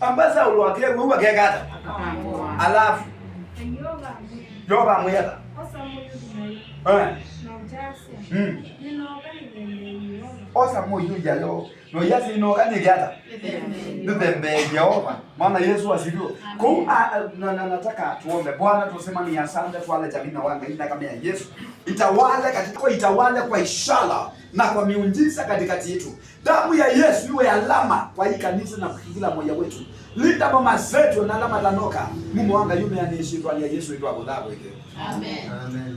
ambaza ulwakire gwe alafu yoba mwega Eh. Hmm. Osamu yujalo noyasi inokanike hata nitembee Jehova, maana Yesu asifiwe. Na nataka tuombe. Bwana, tusemani asante, twale jamii na wangaina kama ya Yesu itawale katika itawale kwa ishara na kwa miujiza katikati yetu. Damu ya Yesu iwe alama kwa hii kanisa na kila mmoja wetu. Linda mama zetu na alama tanoka mume wanga yume anishindwa ya Yesu itwa godhago Amen. Amen.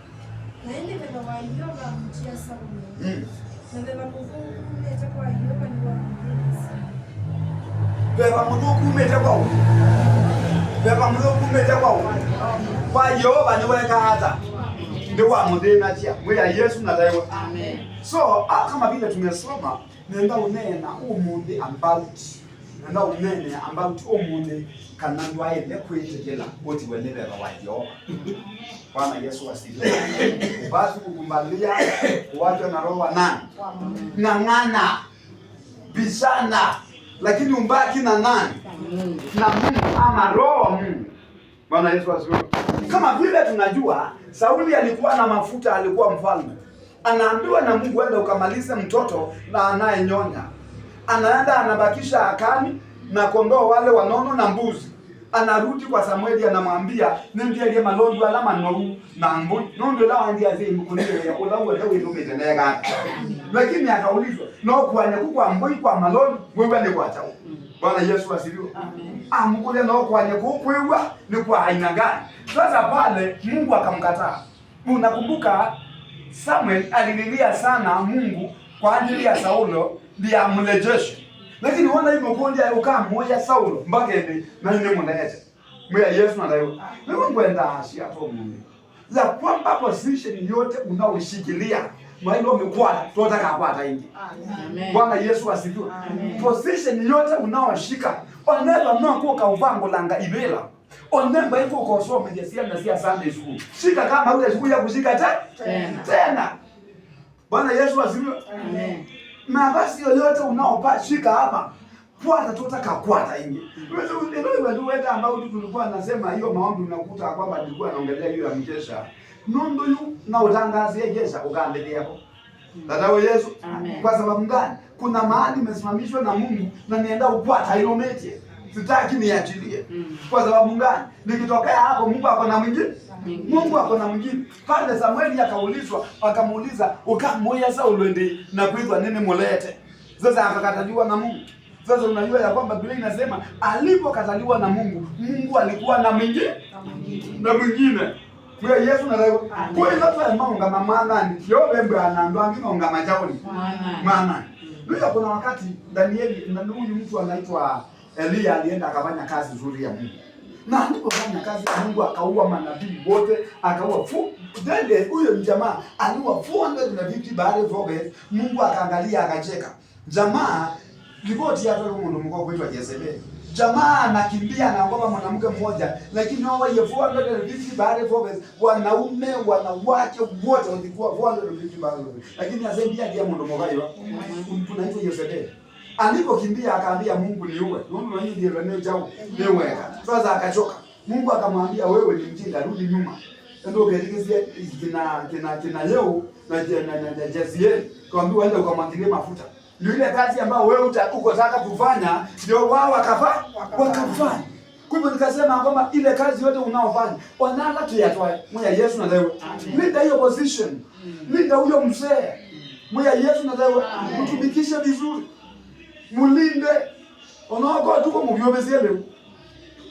naende vena waioba mtia saume mm. na vena muvukumete kwa ioba ni wamuvusa veva muthukumite kwau veva muthukumite kwau kwa ioba ni wekata so kama vile tumesoma nenda unena umuthi about nenda unene about umuthi kana ndwaile ni wega wa Jehova. Bwana Yesu asifiwe. Basi kukumbalia uwacho na roho Ng'ang'ana, lakini umbaki na nani? Na Mungu ama roho Bwana Yesu asifiwe. Kama vile tunajua Sauli alikuwa na mafuta, alikuwa mfalme. Anaambiwa na Mungu, enda ukamalize mtoto na anayenyonya. Anaenda anabakisha akani na kondoo wale wanono na mbuzi anarudi kwa Samueli anamwambia nimbialie malondu ala manoru na mbu nondo la wangi zeni kunile ya kula wewe ndio ndio umetendeka lakini akaulizwa no kuanya kwa mbu kwa malondu wewe ni kwa chao Bwana Yesu asifiwe amen amkulia ah, no kwanya wewe ni kwa aina gani sasa pale Mungu akamkataa unakumbuka Samuel alililia sana Mungu kwa ajili ya Saulo ndiye amlejeshe lakini wana hivi makundi ayo kama moja Saulo mpaka hivi na ndio mwanaaje. Mwa Yesu ndio. Wewe ngwenda ashi hapo Mungu. Za kwamba position yote unaoshikilia Mwailo umekwata, tunataka kupata ingi. Amen. Bwana Yesu asifiwe. Position yote unaoshika, oneba mwa kwa kaubango langa ibela. Oneba iko kwa somo ya siasa na siasa Sunday school. Shika kama ule siku ya kushika tena. Tena. Bwana Yesu asifiwe. Amen mavazi yoyote unaopashika hapa kwata tutaka kwata ingi. Ndio watu wote ambao tulikuwa nasema hiyo maombi unakuta kwamba nilikuwa naongelea hiyo ya mjesha. Nondo yu na utangazie jesha ukaandelia hapo. Dada wa Yesu. Amen. Kwa sababu gani? Kuna mahali umesimamishwa na Mungu na nienda ukwata hilo sitaki niachilie. Mm. Kwa sababu gani? Nikitokea hapo Mungu ako na mwingine. Mungu ako na mwingine. Pale Samueli akaulizwa, akamuuliza, "Ukamoya sasa ndi na kuitwa nini mulete?" Sasa akakataliwa na Mungu. Sasa unajua ya kwamba Biblia inasema alipokataliwa na Mungu, Mungu alikuwa na mwingine. Na mwingine. Kwa Yesu na leo. Kwa hiyo sasa watu ambao ngama maana ni sio wembe anaambiwa ngino ngama chaoni. Maana. Maana. Ndio kuna wakati Danieli na huyu mtu anaitwa Elia alienda akafanya kazi nzuri ya Mungu, na alipofanya kazi ya Mungu akaua manabii wote, akaua fu dende. Huyo jamaa aliua 400 na vipi baada ya Mungu akaangalia akacheka. Jamaa ripoti ya toka mundu mkuu kuitwa Jezebeli. Jamaa anakimbia anaogopa mwanamke mmoja, lakini wao wale vipi baada ya wanaume wanawake wote walikuwa 400 na vipi baada, lakini azembia dia mundu mkuu kuna hiyo Jezebeli Alipokimbia akaambia Mungu niue. Mungu mwenyewe ndiye ndio chao. Niwe. Sasa akachoka. Mungu akamwambia wewe ni mjinga, rudi nyuma. Ndio ukaelekeze kina kina kina leo na na Jazieli. Kaambiwa aende ukamwangilie mafuta. Ndio ile kazi ambayo wewe uko taka kufanya ndio wao wakafa wakafanya. Kwa hivyo nikasema kwamba ile kazi yote unaofanya wanataka tuyatoe. Mwa Yesu na leo. Linda hiyo position. Linda huyo mzee. Mwa Yesu na leo. Mtumikishe vizuri mulinde onokoa tuko muvyomesie leu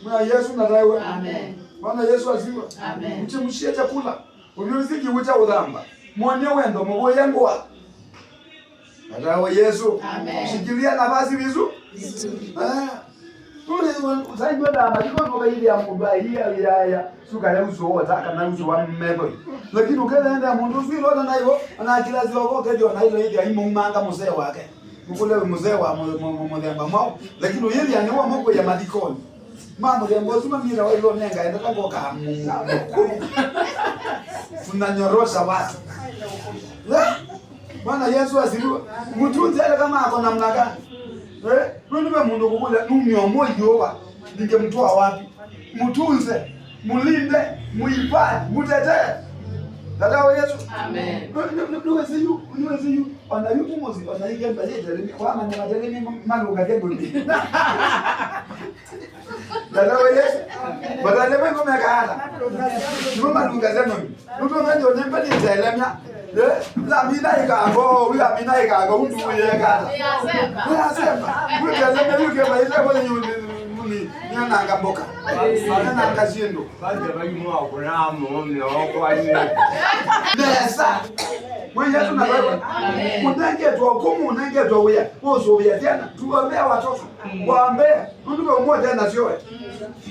mwa Yesu narawe amen Bwana Yesu aziwa amen mchimshie chakula muvyomesie kiwu cha udhamba mwonie wendo muvoye ngwa narawe Yesu amen shikilia nafasi vizu ah usaidwedamaikonuvailia mubahia yaya sukaya usootaka na uso wa mmeto lakini ukelenda mundu usilona naivo anakilazilokokejona iloilia imumanga musee wake kukule mzee wa mulemba mau lakini uyeli anewa moko ya madikoni ma mulemba uzima mamira wa ilo nenga enda kwa kwa mkuu tunanyorosha watu eh? Bwana Yesu asifiwe mtunze ile kama ako namna gani eh ndio mundu kukule numiomo mtu wa wapi mtunze mulinde muifanye mutetee dada wa Yesu amen niwe siyu niwe siyu Wanayuki muzi, wanayuki mbaje jalemi kwa ama ni majalemi malu gaje gundi. Dada wele, badale mwe kume kahala. Numa lunga zeno mi. Numa mwenye onempa ni zelemia. La mina ikago, wila mina ikago, hundu uye kahala. Wila sema. Wila sema, wila kwa yisa kwa ni nyana akamboka. Nyana akashindo. Basi ya bagi mwa kuna amu, mwa kwa yisa. Besa. Mwenye Yesu na ah, wewe. Unenge tuwahukumu, unenge tuwauya. Wewe uya tena. Tuombe watoto. Waombe. Mungu mmoja tena sio wewe.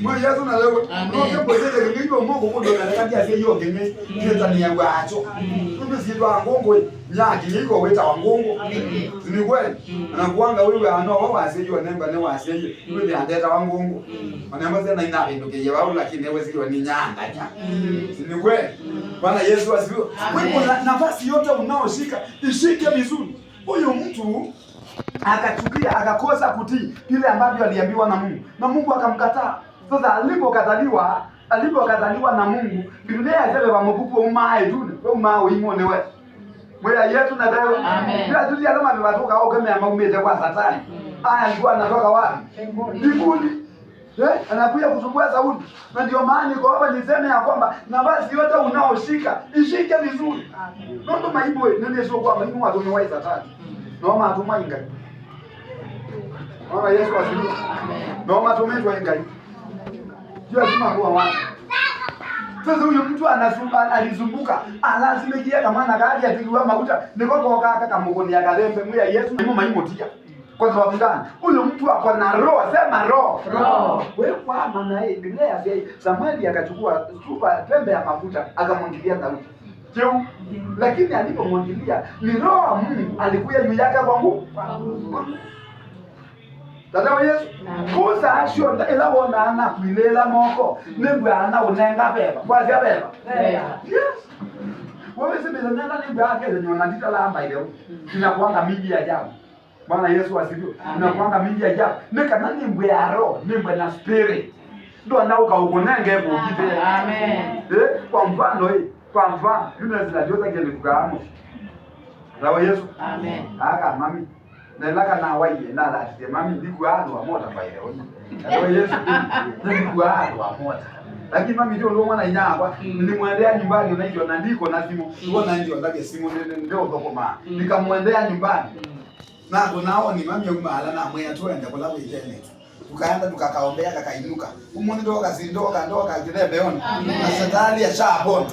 Mwenye Yesu na wewe. Ndio kwa ile kingi Mungu kundoka na kadi yake hiyo ngeni. Ndio tani yangu acho. Mimi si ndo angongo ya kiliko weta wa Mungu mm. ni kweli mm. anakuanga wewe ano wao mm. wa nemba ne wasije wewe ni andeta wa Mungu wanaamba tena ina binduke ya wao lakini wewe sio ni nyanda ya ni kweli Bwana Yesu asifiwe wewe nafasi yote unaoshika ishike vizuri huyo mtu akachukia akakosa kutii kile ambavyo aliambiwa na Mungu na Mungu akamkataa sasa alipokataliwa alipokataliwa na Mungu Biblia yasema bamukupwa umae tu umaa uimone wewe Mwela yetu na dawa. Bila tuzi ya kama amewatoka au kama ameumete kwa satani. Haya mm. alikuwa anatoka wapi? Mbinguni. Eh, anakuja kusumbua Sauli. Na ndio maana niko hapa niseme ya kwamba nafasi yote unaoshika ishike vizuri. Nondo maibo nene sio kwamba ni watu ni waiza tatu. Mm. Naomba atuma ingali. Naomba Yesu asifiwe. Naomba tumezwe ingali. Jua sima kuwa wapi? Sasa huyo mtu anasumba alizumbuka alazime kia kama na gari ya atigwa mauta. niko kwa kaka kamugoni ya galembe mwe Yesu ni mama imotia kwa sababu gani? Huyo mtu ako na roho, sema roho roho. Wewe kwa maana yeye Biblia ya bei Samali akachukua chupa pembe ya mafuta akamwangilia Daudi jeu, lakini alipomwangilia ni roho Mungu alikuja juu yake kwa nguvu tata weyesu kuza acio ila wonaana kwilela moko ningwiana unenga veva kwasia veva yes wewesimile nena ningwiakeze nyona nditalamba ileu inakuanga mingi ya jabu bwana yesu asifiwe inakuanga mingi ya jabu nikana nimbwe ya roho nimbwe na spirit ndo anauka ukunenge kukite eh kwa mfano eh kwa mfano yule zinajota kelikukaamo sawa yesu amen aka mami nelakanawaiyendala asite mami ndikuwa andu amota mbaireo yesu ndikuwa andu amota lakini mami ndio ndio mwana inyakwa nilimwendea nyumbani unaitwa na ndiko na simu uona ndio ndake simu ndio ndokoma nikamwendea nyumbani na kunao ni mami yumala na mwe atwenda kula internet tukaenda tukakaombea kakainuka umuni ndoka zindoka ndoka kirebeona na shetani ashapona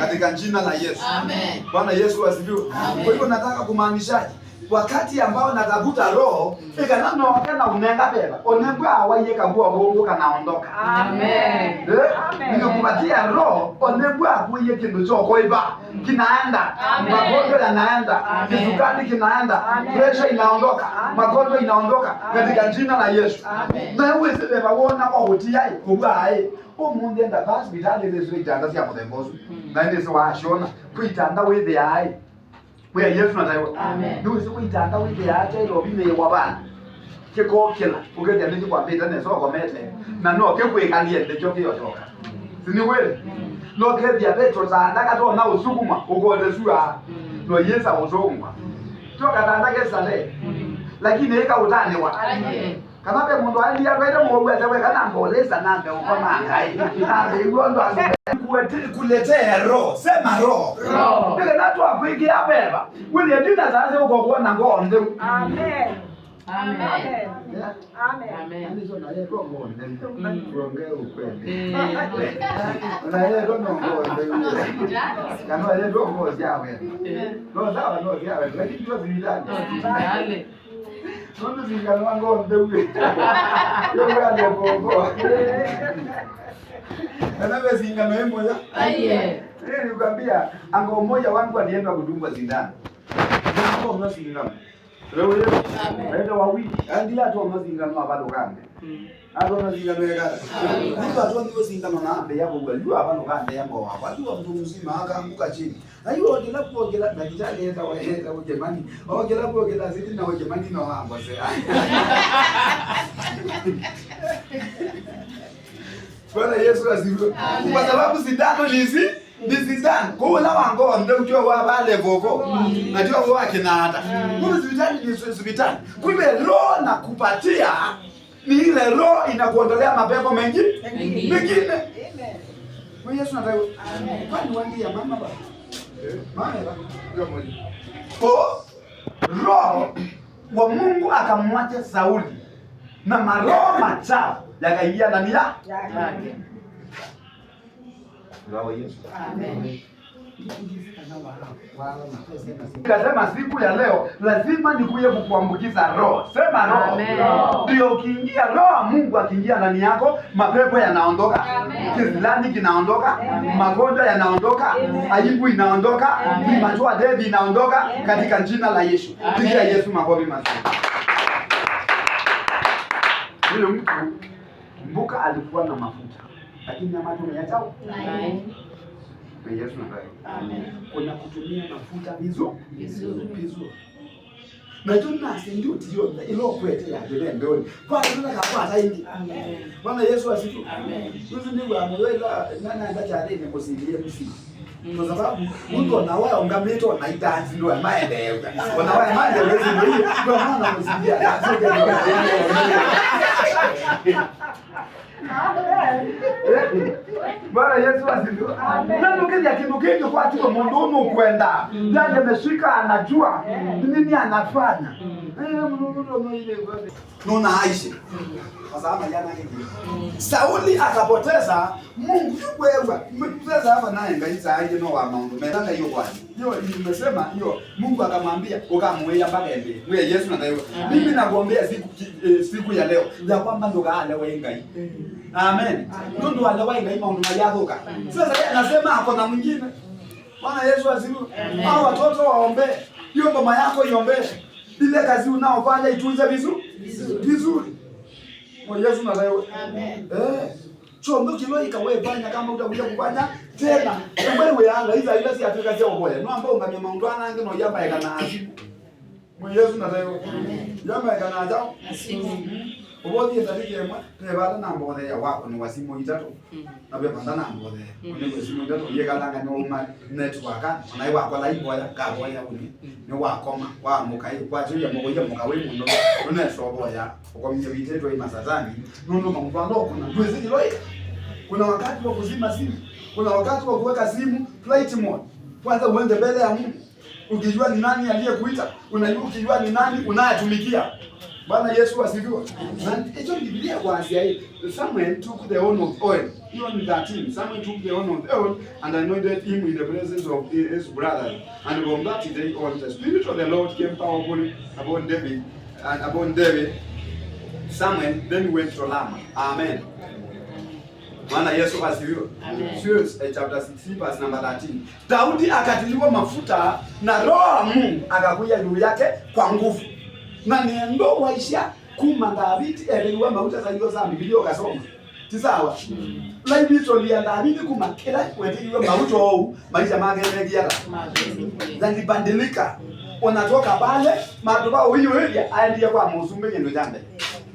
katika jina la Yesu. Amen. Bwana Yesu asifiwe. Kwa hiyo nataka kumaanishaje? wakati ambao natafuta roho na nonge na unenga beba onembwa awaye kabuwa mungu ondoka amen eh? kumatia roho onembwa akuye kindu chokoiba kinaenda magonjwa yanaenda kisukari kinaenda presha inaondoka magonjwa inaondoka katika jina la yesu amen na wewe nawe sibeba wona ogutiai kubaai omundu enda basibitali thesire itanda cia muthemba ucio na ndisiwashona kwitanda withiai we yesu nataiwa nduzi kuitanda withe aja ilobi miwa bana kikokila ugetia niki kwambite nesokomete na no kikwikalie nikyo kiyocoka sinikweli lokethia petro tanda katona usukuma ukothesua no yesa usukuma tokatanda kesale lakini ikautaniwa kana be mundu aendia twete muogwete we kana mbolesa nambe ukomangai nambe igwondo kuletea roho sema roho ndikenatwa kwikia beba wilie ndina sasa uko kuona ng'ombe amen Amen. Yaani Nanawe sindano yeye moja. Aye. ni ukambia, anga umoja wangu wa alienda kudungwa sindano. Hapo kuna sindano. Wewe wawi. Andi ya tuwa mna ama sindano abado kande. Hmm. Hapo kuna sindano ya gara. Mtu atoa hiyo sindano na ambe yako unajua abado kande yako hapo. Wajua mtu mzima akaanguka chini. Na hiyo ogela kwa ogela daktari aenda waenda kwa jamani. Ogela kwa ogela zidi na wajamani na wangu sasa. Bwana Yesu asifiwe. Kwa sababu sindano nizi nisindano. Kwa hiyo lawa ngoa ndio kujua wa bale voko. Najua wao akina hata. Kwa hospitali ni hospitali. Kumbe roho na kupatia ni ile roho inakuondolea mapepo mengi mengine. Kwa Yesu nataka. Kwa ni wangi ya mama ba. Eh? Mama ba. Ndio moja. Kwa roho wa Mungu akamwacha Sauli na maroho machafu yakaingia ndani yake. Kasema siku ya leo lazima nikuye kukuambukiza roho. Sema roho ndio. Ukiingia roho Mungu akiingia ndani yako, mapepo yanaondoka, kisilani kinaondoka, magonjwa yanaondoka, aibu inaondoka, imatoa devi inaondoka katika jina la Yesu. Pigia Yesu makofi mazuri. Yule mtu Kumbuka alikuwa na mafuta, lakini Yesu nyama yake umeacha. Kuna kutumia mafuta vizuri vizuri nacho nasi ndio tiyo ilo kwete ya jele mbeoni. kwa tuna kapwa zaidi bwana Yesu wa asifiwe amen ni hizi ndio ameweza nana ndacha ale ni kusilie kusi. Mm. kwa sababu mtu anawa ungameto na ita itaanzi ndio maendeleo wanawa maendeleo hizi ndio kwa maana kusilia nada, né? Bwana Yesu asifiwe. Amen. Akimbuki kwa tuko mundumu kwenda. Yaani mm. ameshika anajua mm. nini anafanya. Mm. Eh, Nuna aishi. Sauli akapoteza Mungu wewe. Mtesa hapa naye ngaisa aje no wa mambo. Nataka hiyo kwa. Hiyo nimesema hiyo Mungu akamwambia ukamwea mpaka ende. Wewe Yesu na Mimi nakuombea siku eh, siku ya leo ya kwamba ndo kaale wewe ngai. Amen. Amen. Ndio ndio wale wao inaima unamajazoka. Sasa anasema hapo na mwingine. Bwana Yesu asifiwe. Hao watoto waombee. Hiyo mama yako iombee. Ile kazi unaofanya itunze vizuri. Vizuri. Bwana Yesu na leo. Amen. Eh. Chombo kilo ikawe fanya kama utakuja kufanya tena. Wewe yanga hizo ile si Afrika sio bora. No ambao ungamia maungwana yangu na yamba yakana asibu. Bwana Yesu na leo. Amen. Yamba yakana ajao. Asibu ubothiä ta rä gemwe twebata na mbothe ya wako ni wacimu itatu na bebata na mbothe mm. ni wacimu itatu ye galanga ni uma netwaka na i wako lai boya gabo ya uni ni ma wa muka kwa chuya ya muka we muno ne so boya kwa mje bite to imasazani nundo mamvalo kuna twezi loi kuna wakati wa kuzima simu kuna wakati wa kuweka simu flight mode kwanza uende mbele ya Mungu ukijua ni nani aliyekuita unajua ukijua ni nani unayatumikia Bwana Yesu asifiwe. Hicho ni Biblia kuanzia hii. Samuel took the horn of oil. Hiyo ni 13. Samuel took the horn of oil and anointed him in the presence of his brother. And from that day on the spirit of the Lord came powerfully upon David and upon David Samuel then went to Lama. Amen. Bwana Yesu asifiwe. Sures eh, chapter 16 verse number 13. Daudi akatiliwa mafuta na roho ya Mungu akakuja juu yake kwa nguvu na nanendo waisha kumandabiti eriwa eh, mauta saiyo sami bilio gasoma tisawa mm. laibito liandabiti kumakira kwetiwa mauto au maisha mangenegiara zanibandilika unatoka pale maduka huyo hiyo aendia kwa muzumbe kendo jambe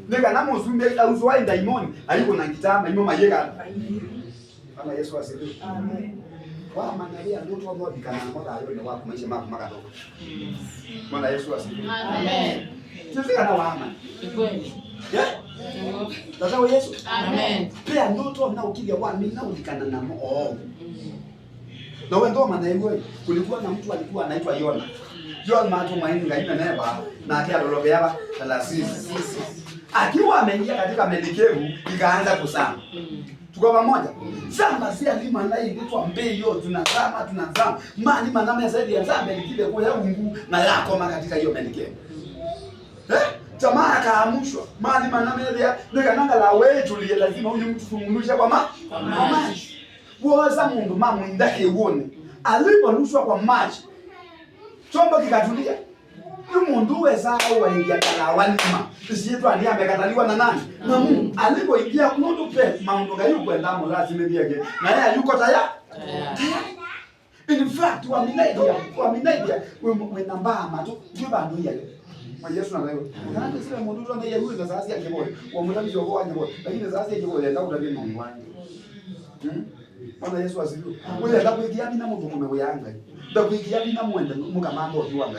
nika na muzumbe la uzoa ndaimoni aliko na kitamba imo mayeka kama Yesu asifiwe amen wamanyalia ndoto mwathikana mwatha yone waku maica maku magathuka mwana mm. yesu asifiwe amen tufikana wama ni kweli tazawo yesu amen pia ndoto na ukilia wami na ulikana na oo oh. mm. na wewe ndo maana hiyo kulikuwa na mtu alikuwa anaitwa Yona Yona matu maini ngaina neba na akia lolobeaba na lasisi mm. akiwa ameingia katika melikevu ikaanza kusana Tuko pamoja. Zama si alima na hii mtu ambaye hiyo tunazama tunazama. Mali manama ya zaidi ya zama kile kwa ungu na yako ma katika hiyo melike. Eh? Jamaa akaamushwa. Mali manama ya ndika nanga la wewe tulie lazima huyu mtu tumunuisha kwa ma. Kwa maji. Woza mundu mamu ndake uone. Alipo Aliporushwa kwa maji. Chombo kikatulia ondoe zao waingia tarawalima isiitwo aria amekataliwa na nani na mm. Mungu alipoingia kundu pe maundu gayu kwendamo lazima biege na yeye yuko tayari tayari in fact wa minaidia wa minaidia we namba amatu juba ndio yale Yesu na leo. Nani sile mundu tu ndiye huyu sasa asiye kibole. Wa mwana mjo kwa nyabo. Lakini sasa asiye kibole ndio ndio mungu wangu. Hmm? Bwana Yesu asifiwe. Ule ndakuigia bina mundu mume wangu. Ndakuigia bina mwenda mukamando wangu.